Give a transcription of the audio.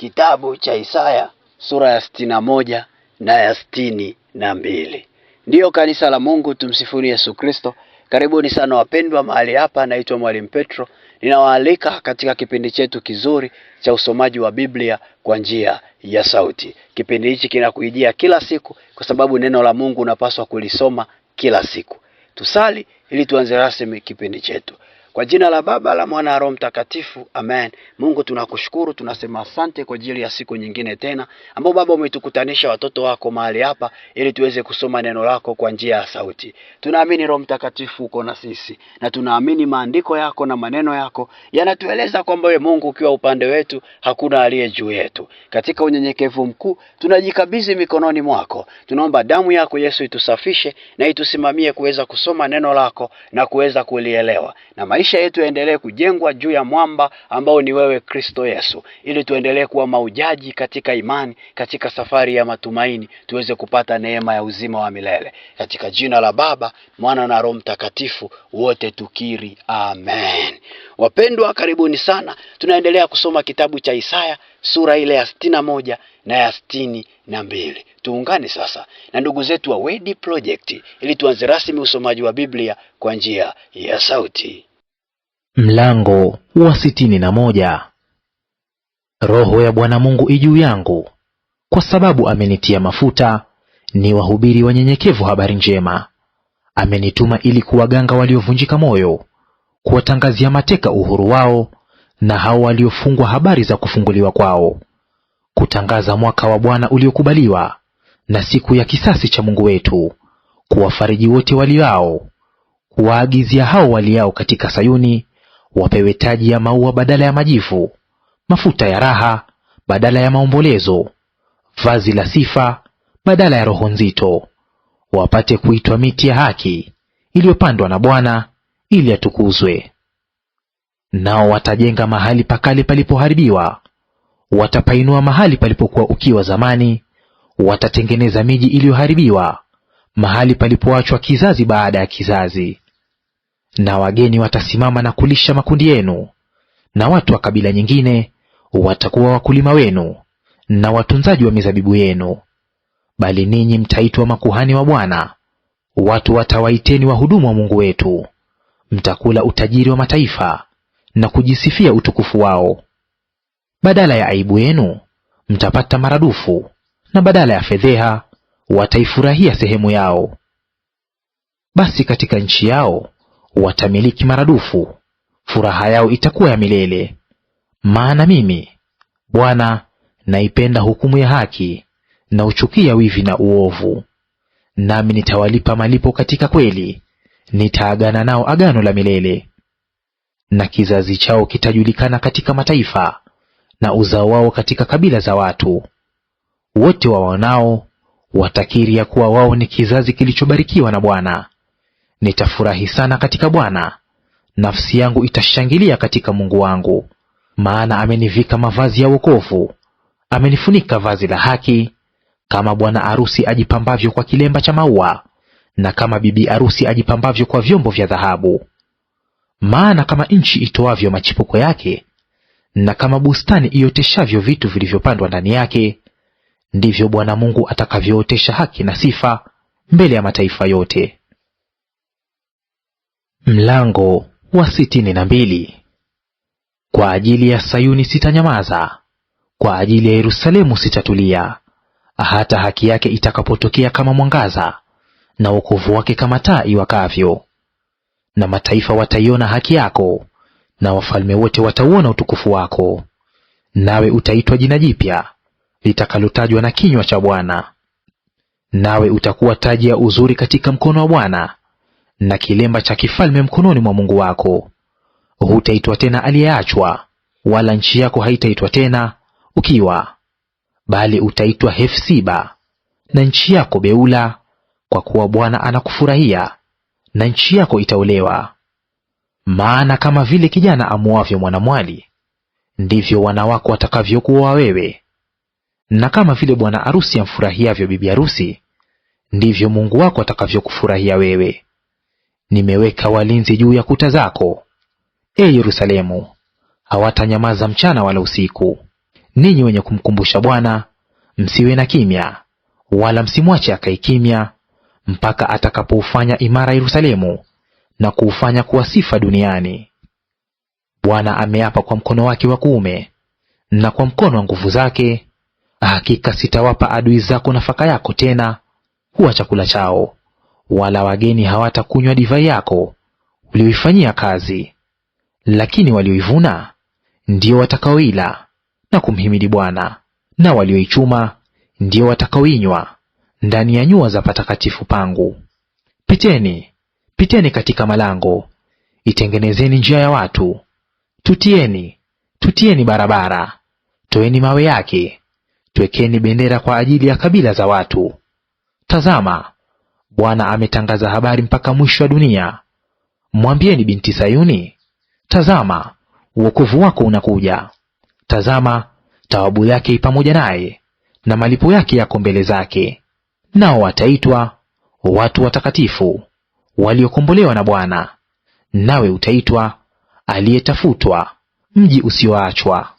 kitabu cha Isaya sura ya sitini na moja na ya sitini na mbili. Ndiyo kanisa la Mungu, tumsifuni Yesu Kristo. Karibuni sana wapendwa mahali hapa. Naitwa Mwalimu Petro, ninawaalika katika kipindi chetu kizuri cha usomaji wa Biblia kwa njia ya sauti. Kipindi hichi kinakujia kila siku, kwa sababu neno la Mungu unapaswa kulisoma kila siku. Tusali ili tuanze rasmi kipindi chetu. Kwa jina la Baba la Mwana Roho Mtakatifu, amen. Mungu tunakushukuru, tunasema asante kwa ajili ya siku nyingine tena ambao Baba umetukutanisha watoto wako mahali hapa ili tuweze kusoma neno lako kwa njia ya sauti. Tunaamini Roho Mtakatifu uko na sisi na tunaamini maandiko yako na maneno yako yanatueleza kwamba wewe Mungu ukiwa upande wetu hakuna aliye juu yetu. Katika unyenyekevu mkuu tunajikabidhi mikononi mwako. Tunaomba damu yako Yesu itusafishe na itusimamie kuweza kusoma neno lako na kuweza kulielewa na maisha yetu yaendelee kujengwa juu ya mwamba ambao ni wewe Kristo Yesu, ili tuendelee kuwa maujaji katika imani, katika safari ya matumaini, tuweze kupata neema ya uzima wa milele katika jina la Baba, Mwana na Roho Mtakatifu, wote tukiri amen. Wapendwa, karibuni sana, tunaendelea kusoma kitabu cha Isaya sura ile ya sitini na moja na ya sitini na mbili. Tuungane sasa na ndugu zetu wa Wedi Project ili tuanze rasmi usomaji wa Biblia kwa njia ya sauti. Mlango wa sitini na moja. Roho ya Bwana Mungu ijuu yangu, kwa sababu amenitia mafuta ni wahubiri wanyenyekevu habari njema. Amenituma ili kuwaganga waliovunjika moyo, kuwatangazia mateka uhuru wao, na hao waliofungwa habari za kufunguliwa kwao, kutangaza mwaka wa Bwana uliokubaliwa, na siku ya kisasi cha Mungu wetu, kuwafariji wote waliao, kuwaagizia hao waliao katika Sayuni wapewe taji ya maua badala ya majivu, mafuta ya raha badala ya maombolezo, vazi la sifa badala ya roho nzito, wapate kuitwa miti ya haki iliyopandwa na Bwana ili atukuzwe. Nao watajenga mahali pakale palipoharibiwa, watapainua mahali palipokuwa ukiwa zamani, watatengeneza miji iliyoharibiwa, mahali palipoachwa kizazi baada ya kizazi. Na wageni watasimama na kulisha makundi yenu, na watu wa kabila nyingine watakuwa wakulima wenu na watunzaji wa mizabibu yenu. Bali ninyi mtaitwa makuhani wa Bwana, watu watawaiteni wahudumu wa Mungu wetu. Mtakula utajiri wa mataifa na kujisifia utukufu wao. Badala ya aibu yenu mtapata maradufu, na badala ya fedheha wataifurahia sehemu yao. Basi katika nchi yao watamiliki maradufu, furaha yao itakuwa ya milele. Maana mimi Bwana naipenda hukumu ya haki, na uchukia wivi na uovu. Nami nitawalipa malipo katika kweli, nitaagana nao agano la milele. Na kizazi chao kitajulikana katika mataifa, na uzao wao katika kabila za watu. Wote wawaonao watakiri ya kuwa wao ni kizazi kilichobarikiwa na Bwana, Nitafurahi sana katika Bwana, nafsi yangu itashangilia katika Mungu wangu. Maana amenivika mavazi ya wokovu, amenifunika vazi la haki, kama bwana arusi ajipambavyo kwa kilemba cha maua, na kama bibi arusi ajipambavyo kwa vyombo vya dhahabu. Maana kama nchi itoavyo machipuko yake, na kama bustani ioteshavyo vitu vilivyopandwa ndani yake, ndivyo Bwana Mungu atakavyootesha haki na sifa mbele ya mataifa yote. Mlango wa sitini na mbili. Kwa ajili ya Sayuni sitanyamaza, kwa ajili ya Yerusalemu sitatulia, hata haki yake itakapotokea kama mwangaza, na wokovu wake kama taa iwakavyo. Na mataifa wataiona haki yako, na wafalme wote watauona utukufu wako, nawe utaitwa jina jipya litakalotajwa na kinywa cha Bwana. Nawe utakuwa taji ya uzuri katika mkono wa Bwana na kilemba cha kifalme mkononi mwa Mungu wako. Hutaitwa tena aliyeachwa, wala nchi yako haitaitwa tena ukiwa, bali utaitwa Hefsiba, na nchi yako Beula, kwa kuwa Bwana anakufurahia na nchi yako itaolewa. Maana kama vile kijana amuavyo mwanamwali, ndivyo wanawako wako watakavyokuoa wewe, na kama vile bwana arusi amfurahiavyo bibi arusi, ndivyo Mungu wako atakavyokufurahia wewe nimeweka walinzi juu ya kuta zako, e Yerusalemu; hawatanyamaza mchana wala usiku. Ninyi wenye kumkumbusha Bwana, msiwe na kimya, wala msimwache akae kimya, mpaka atakapoufanya imara Yerusalemu na kuufanya kuwa sifa duniani. Bwana ameapa kwa mkono wake wa kuume na kwa mkono wa nguvu zake, hakika sitawapa adui zako nafaka yako tena kuwa chakula chao, wala wageni hawatakunywa divai yako uliyoifanyia kazi, lakini walioivuna ndio watakaoila na kumhimidi Bwana, na walioichuma ndio watakaoinywa ndani ya nyua za patakatifu pangu. Piteni, piteni katika malango, itengenezeni njia ya watu, tutieni, tutieni barabara, toeni mawe yake, twekeni bendera kwa ajili ya kabila za watu. Tazama, Bwana ametangaza habari mpaka mwisho wa dunia. Mwambieni binti Sayuni, tazama uokovu wako unakuja; tazama tawabu yake pamoja naye, na malipo yake yako mbele zake. Nao wataitwa watu watakatifu, waliokombolewa na Bwana; nawe utaitwa aliyetafutwa, mji usioachwa.